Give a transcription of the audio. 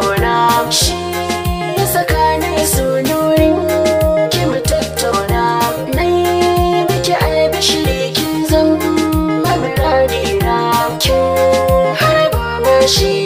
tattauna shi tsakanin su nurin ki mu tattauna nai miki albishiri kin zan mamirari na kin ba shi.